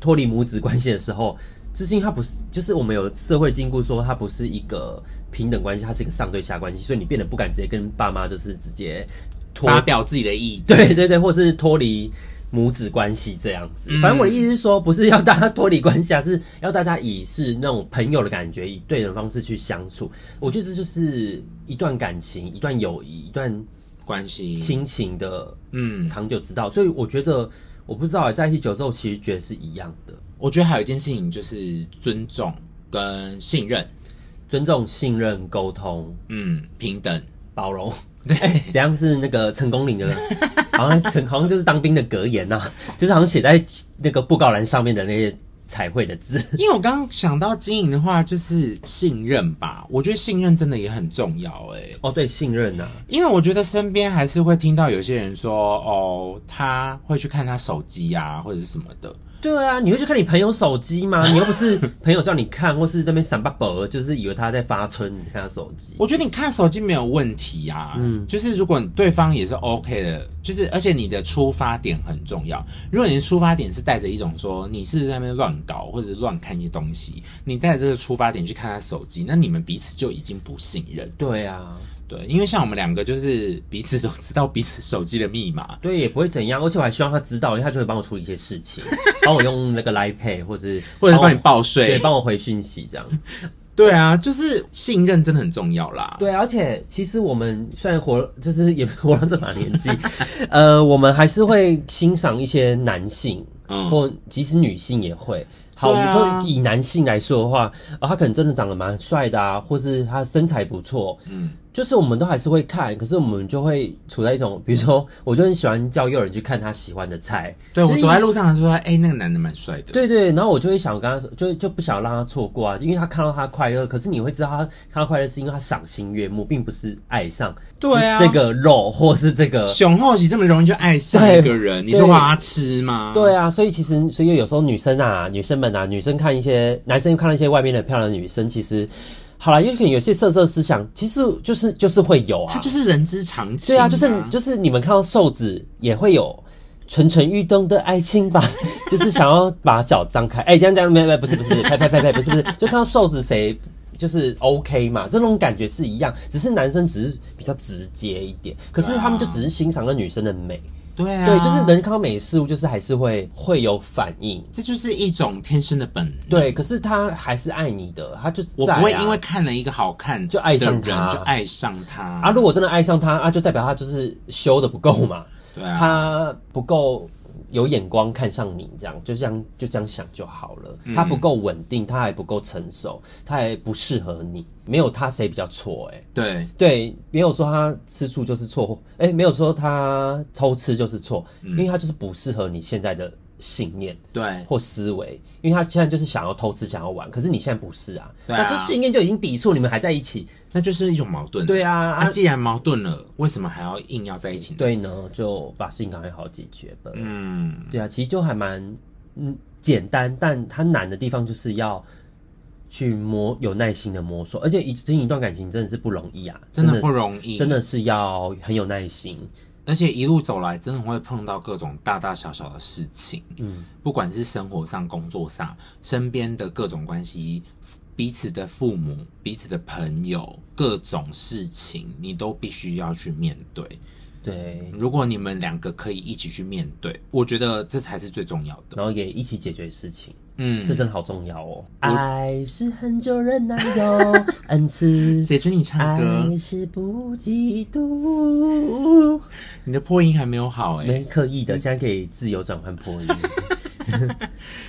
脫離母子關係的時候，就是因為他不是，就是我們有社會禁錮說他不是一個平等關係，他是一個上對下關係，所以你變得不敢直接跟爸媽，就是直接脫發表自己的意見。對對對，或是脫離母子關係這樣子。反正我的意思是說，不是要大家脫離關係啊，是要大家以是那種朋友的感覺，以對等方式去相處。我覺得這就是一段感情，一段友誼，一段。關係、親情的嗯長久之道，所以我覺得我不知道在一起久之後，其實覺得是一樣的。我覺得還有一件事情就是尊重跟信任，尊重、信任、溝通，嗯，平等、包容，對，這樣是那個成功嶺的，好像成好像就是當兵的格言吶、啊，就是好像寫在那個布告欄上面的那些。才會的字，因為我剛剛想到經營的話，就是信任吧。我覺得信任真的也很重要，欸，誒。哦，對，信任呢，啊，因為我覺得身邊還是會聽到有些人說，哦，他會去看他手機啊，或者是什麼的。對啊，你會去看你朋友手機嗎？你又不是朋友叫你看， 或是在那邊三八博，就是以為他在發春，你看他手機。我覺得你看手機沒有問題啊，嗯，就是如果對方也是 OK 的，就是而且你的出發點很重要。如果你的出發點是帶着一種說你是，是在那邊亂搞或者是亂看一些東西，你帶着這個出發點去看他手機，那你們彼此就已經不信任。對啊。對，因為像我們兩個，就是彼此都知道彼此手機的密碼，對，也不會怎樣。而且我還希望他知道，因為他就會幫我處理一些事情，幫我用那個 Line Pay，或者或者幫你報稅，對，幫我回訊息這樣。對啊，就是信任真的很重要啦。對，而且其實我們雖然活，就是也活到這把年紀， 呃，我們還是會欣賞一些男性，嗯，或即使女性也會。好，我們就以男性來說的話，啊，他可能真的長得蠻帥的啊，或是他身材不錯，嗯，就是我們都還是會看，可是我們就會處在一種，比如說，我就很喜歡叫又仁去看他喜歡的菜，對我走在路上的時候，哎、欸，那個男的蠻帥的，對,對對，然後我就會想，跟他，說，就就不想讓他錯過啊，因為他看到他快樂，可是你會知道他看到快樂是因為他賞心悅目，並不是愛上，對啊，這個肉或是這個，熊好喜這麼容易就愛上一個人，你是花痴嗎？對啊，所以其實所以有時候女生啊，女生。啊，女生看一些，男生看了一些外面的漂亮的女生，其實好啦，有可能有些色色思想，其實就是、就是、就是會有啊，他就是人之常情、啊。對啊，就是就是你們看到瘦子也會有蠢蠢欲動的愛情吧， 就是想要把腳張開。哎、欸，這樣這樣，沒沒，不是不是，呸呸呸呸，不是拍拍拍不是，就看到瘦子誰就是 OK 嘛，這種感覺是一樣，只是男生只是比較直接一點，可是他們就只是欣賞了女生的美。對啊，對，就是人看到美事物，就是還是會會有反應，這就是一種天生的本能。對，可是他還是愛你的，他就是、啊、我不會因為看了一個好看就愛上他，就愛上他。啊，如果真的愛上他啊，就代表他就是修的不夠嘛，對啊。他不夠。有眼光看上你這樣，就這樣就這樣想就好了。嗯、他不夠穩定，他還不夠成熟，他還不適合你。沒有他誰比較錯？哎，對對，沒有說他吃醋就是錯，哎、欸，沒有說他偷吃就是錯，嗯，因為他就是不適合你現在的。信念對，或思維，因為他現在就是想要偷吃，想要玩，可是你現在不是啊，那這、啊、信念就已經抵觸，你們還在一起，那就是一種矛盾。對啊，那、啊啊、既然矛盾了，為什麼還要硬要在一起呢？對，對呢，就把事情搞得好解決吧。嗯，對啊，其實就還蠻嗯簡單，但他難的地方就是要去摸，有耐心的摸索，而且已經一段感情真的是不容易啊，真的不容易，真的，真的是要很有耐心。而且一路走來，真的會碰到各種大大小小的事情，嗯，不管是生活上、工作上、身邊的各種關係，彼此的父母、彼此的朋友，各種事情，你都必須要去面對。對，嗯，如果你們兩個可以一起去面對，我覺得這才是最重要的。然後也一起解決事情。嗯，這真的好重要哦！啊、愛是恆久忍耐，又有 恩慈，誰准你唱歌？愛是不嫉妒。 你的破音還沒有好哎、欸，沒刻意的，現在可以自由轉換破音。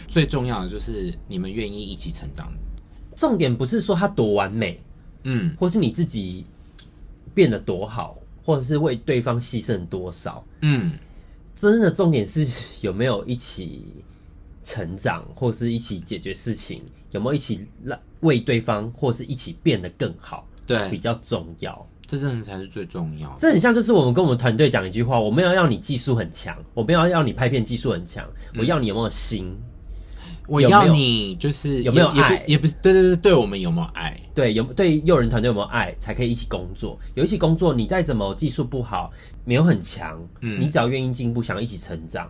最重要的就是你們願意一起成長。重點不是說他多完美，嗯，或是你自己變得多好，或者是為對方犧牲多少，嗯，真的重點是有沒有一起。成長，或者是一起解決事情，有沒有一起讓為對方，或者是一起變得更好，對，比較重要。這真的才是最重要，嗯。這很像就是我們跟我們團隊講一句話：我沒有要你技術很強，我不要讓你拍片技術很強，我要你有沒有心？嗯、有有我要你就是有沒有愛？也不是，不對，對對對，對我們有沒有愛？嗯、對，有對又仁團隊有沒有愛，才可以一起工作。有一起工作，你再怎麼技術不好，沒有很強，嗯，你只要願意進步，想要一起成長。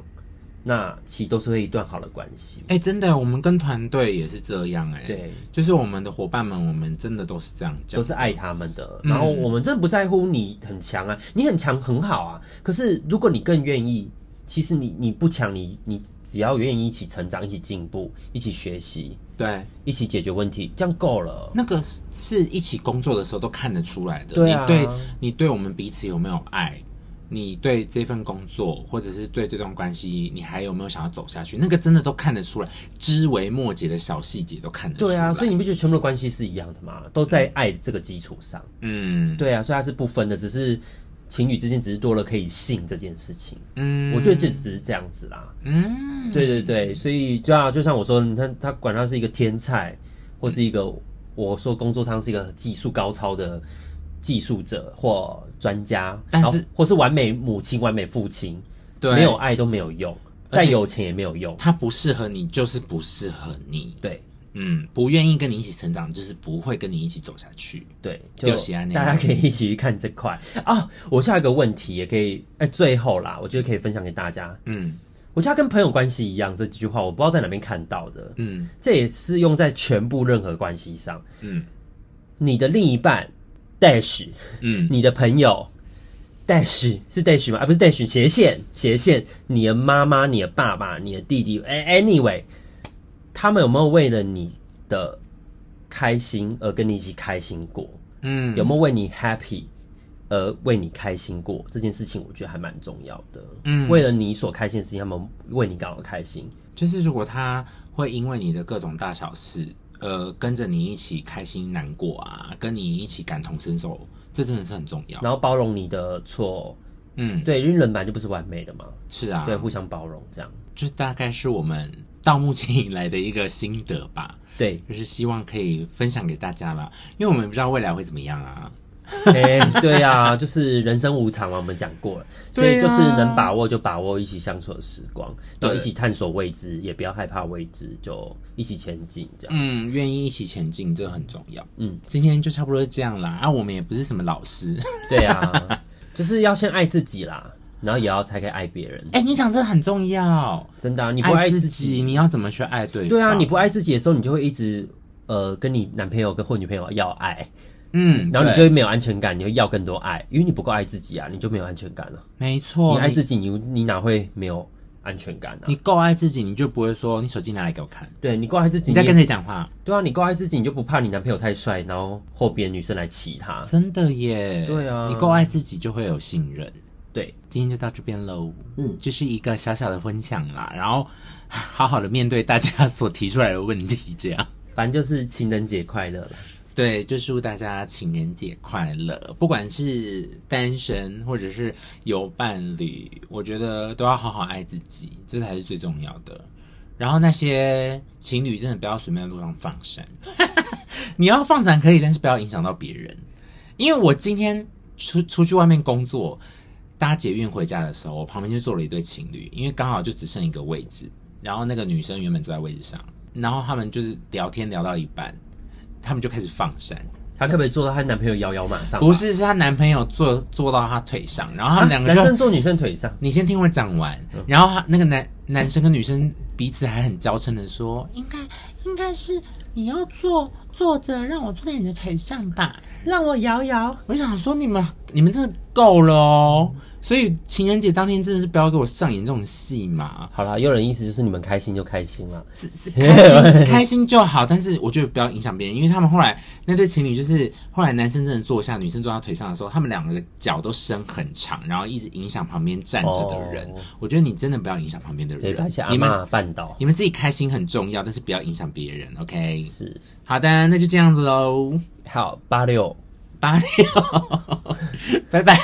那其實都是會一段好的關係。哎、欸，真的，我們跟團隊也是這樣哎。對，就是我們的伙伴們，我們真的都是這樣講，都是愛他們的。嗯、然後我們真的不在乎你很強啊，你很強很好啊。可是如果你更願意，其實你你不強，你你只要願意一起成長、一起進步、一起學習，對，一起解決問題，這樣夠了。那個是是一起工作的時候都看得出來的。對啊、你對你對我們彼此有沒有愛？你對這份工作，或者是對這段關係，你還有沒有想要走下去？那個真的都看得出來，枝微末節的小細節都看得出來。對啊，所以你不覺得全部的關係是一樣的嗎？都在愛這個基礎上。嗯，對啊，所以它是不分的，只是情侶之間只是多了可以信這件事情。嗯，我覺得這只是這樣子啦。嗯，對對對，所以就像、啊、就像我說，他他管他是一個天才，或是一個、嗯、我說工作上是一個技術高超的。技術者或專家，但是或是完美母親、完美父親，對，沒有愛都沒有用，再有錢也沒有用。他不適合你，就是不適合你。對，嗯，不願意跟你一起成長，就是不會跟你一起走下去。對，就喜歡你。大家可以一起去看這塊啊、哦。我下一個問題也可以，哎、欸，最後啦，我覺得可以分享給大家。嗯，我覺得跟朋友關係一樣，這幾句話我不知道在哪邊看到的。嗯，這也是用在全部任何關係上。嗯，你的另一半。Dash，嗯，你的朋友，Dash 是 Dash 嗎？啊，不是 Dash，斜線斜線。你的媽媽、你的爸爸、你的弟弟，anyway，他們有沒有為了你的開心而跟你一起開心過？嗯，有沒有為你 Happy 而為你開心過？這件事情我覺得還蠻重要的。嗯，為了你所開心的事情，他們為你感到開心。就是如果他會因為你的各種大小事。呃，跟着你一起開心難過啊，跟你一起感同身受，這真的是很重要。然後包容你的錯，嗯，對，因為人本來就不是完美的嘛。是啊，對，互相包容這樣，就是大概是我們到目前以來的一個心得吧。對，就是希望可以分享給大家啦，因為我們不知道未來會怎麼樣啊。哎、 欸，對啊，就是人生無常嘛，我們講過了，所以就是能把握就把握，一起相處的時光，要一起探索未知，也不要害怕未知，就一起前進，這樣。嗯，願意一起前進，這個很重要。嗯，今天就差不多是這樣啦。啊，我們也不是什麼老師，對啊，就是要先愛自己啦，然後也要才可以愛別人。哎、欸，你講這很重要，真的、啊，你不愛自己，愛自己，你要怎麼去愛對方？對對啊，你不愛自己的時候，你就會一直呃，跟你男朋友跟或女朋友要愛。嗯，然後你就會沒有安全感，你會要更多愛，因為你不夠愛自己啊，你就沒有安全感了。沒錯，你愛自己，你你哪會沒有安全感呢？啊？你夠愛自己，你就不會說你手機拿來給我看。對，你夠愛自己，你在跟誰講話？對啊，你夠愛自己，你就不怕你男朋友太帥，然後後邊女生來氣他。真的耶？對啊，你夠愛自己就會有信任。嗯、對，今天就到這邊嘍。嗯，就是一個小小的分享啦，然後好好的面對大家所提出來的問題，這樣。反正就是情人節快樂了。對，就祝大家情人節快樂！不管是單身或者是有伴侶，我覺得都要好好愛自己，這才是最重要的。然後那些情侶真的不要隨便在路上放閃， 你要放閃可以，但是不要影響到別人。因為我今天出出去外面工作，搭捷運回家的時候，我旁邊就坐了一對情侶，因為剛好就只剩一個位置。然後那個女生原本坐在位置上，然後他們就是聊天聊到一半。他們就開始放山，她特別坐到她男朋友搖搖馬上？不是，是她男朋友坐坐到她腿上，然後他們兩個男生坐女生腿上。你先聽我講完，嗯、然後他那個男、嗯、男生跟女生彼此還很嬌嗔的說：“應該應該是你要坐坐着，讓我坐在你的腿上吧，讓我搖搖。”我想說你們你們真的夠了、哦。嗯所以情人節當天真的是不要給我上演這種戲嘛？好啦，又仁意思就是你們開心就開心了，啊，開心就好。但是我覺得不要影響別人，因為他們後來那對情侶就是後來男生真的坐下，女生坐他腿上的時候，他們兩個腳都伸很長，然後一直影響旁邊站着的人。哦，我覺得你真的不要影響旁邊的人，對阿你們絆倒，你們自己開心很重要，但是不要影響別人。OK，是好的，那就這樣子嘍。好，八六八六， 拜拜。